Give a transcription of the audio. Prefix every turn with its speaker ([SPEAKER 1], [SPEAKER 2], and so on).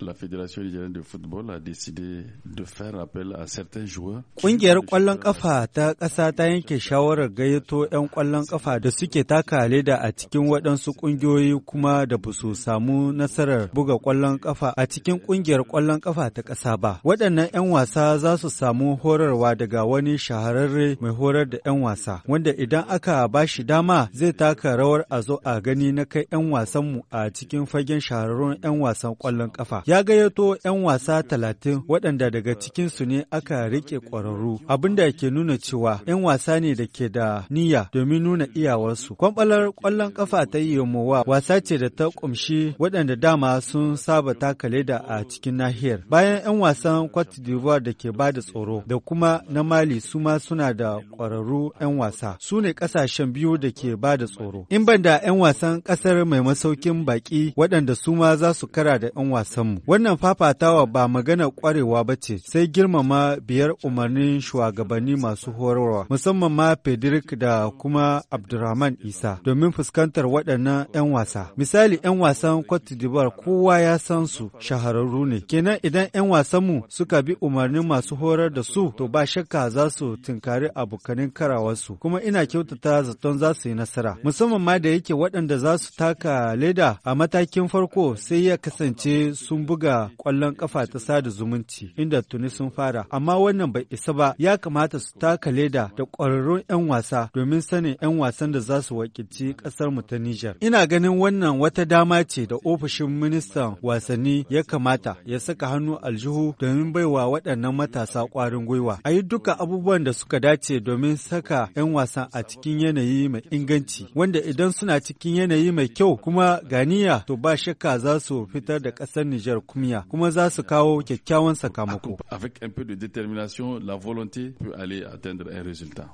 [SPEAKER 1] La Fédération de Football a décidé de faire appel à certains joueurs. Ƙungiyar ƙwallon ƙafa ta ƙasa ta yanke shawarar gayyato 'yan kwallon ƙafa da suke taka leda a cikin waɗansu ƙungiyoyi kuma da ba su samu nasarar buga ƙwallon ƙafa a cikin ƙungiyar kwallon ƙafa ta ƙasa ba. Waɗannan 'yan wasa za su samu horarwa daga wani shahararre mai horar da 'yan wasa, wanda idan aka ba shi dama zai taka rawar a zo a gani na kai 'yan wasanmu a cikin fagen shahararrun 'yan wasan ƙwallon ƙafa. Ya gayyato 'yan wasa talatin waɗanda daga cikinsu ne aka riƙe ƙwararru, abin da ke nuna cewa 'yan wasa ne da ke da niyya domin nuna iyawarsu. Kwamɓalar ƙwallon ƙafa ta yi Yomowa wasa ce da ta ƙumshi waɗanda dama sun saba takaleda da a cikin nahiyar. Bayan 'yan wasan Cote d'Ivoire da ke ba da tsoro da kuma na Mali su ma suna da ƙwararru 'yan wasa. Su ne ƙasashen biyu da ke ba da tsoro. In ban da 'yan wasan ƙasar mai masaukin baƙi waɗanda su ma za su kara da 'yan wasan mu. Wannan fafatawa ba magana kwarewa ba ce, sai girmama biyar umarnin shugabanni masu horarwa, musamman ma Federic da kuma Abdurrahman Isa, domin fuskantar waɗannan 'yan wasa. Misali 'yan wasan Cote d'Ivoire kowa ya san su shahararru ne. Kenan idan 'yan wasanmu suka bi umarnin masu horar da su, to ba shakka za su tinkari abokanin karawarsu, kuma ina kyautata zaton za su yi nasara. Musamman ma da yake waɗanda za su taka leda a matakin farko sai ya kasance sun buga ƙwallon ƙafa ta sada zumunci inda tuni sun fara amma wannan bai isa ba ya kamata su taka leda da ƙwararrun 'yan wasa domin sanin 'yan wasan da za su wakilci ƙasar mu ta Nijar. Ina ganin wannan wata dama ce da ofishin ministan wasanni ya kamata ya saka hannu aljihu domin baiwa waɗannan matasa ƙwarin gwiwa. A yi duka abubuwan da suka dace domin saka 'yan wasa a cikin yanayi mai inganci wanda idan suna cikin yanayi mai kyau kuma ganiya to ba shakka za su fitar da ƙasar Nijar Avec un peu de détermination, la volonté peut aller atteindre un résultat.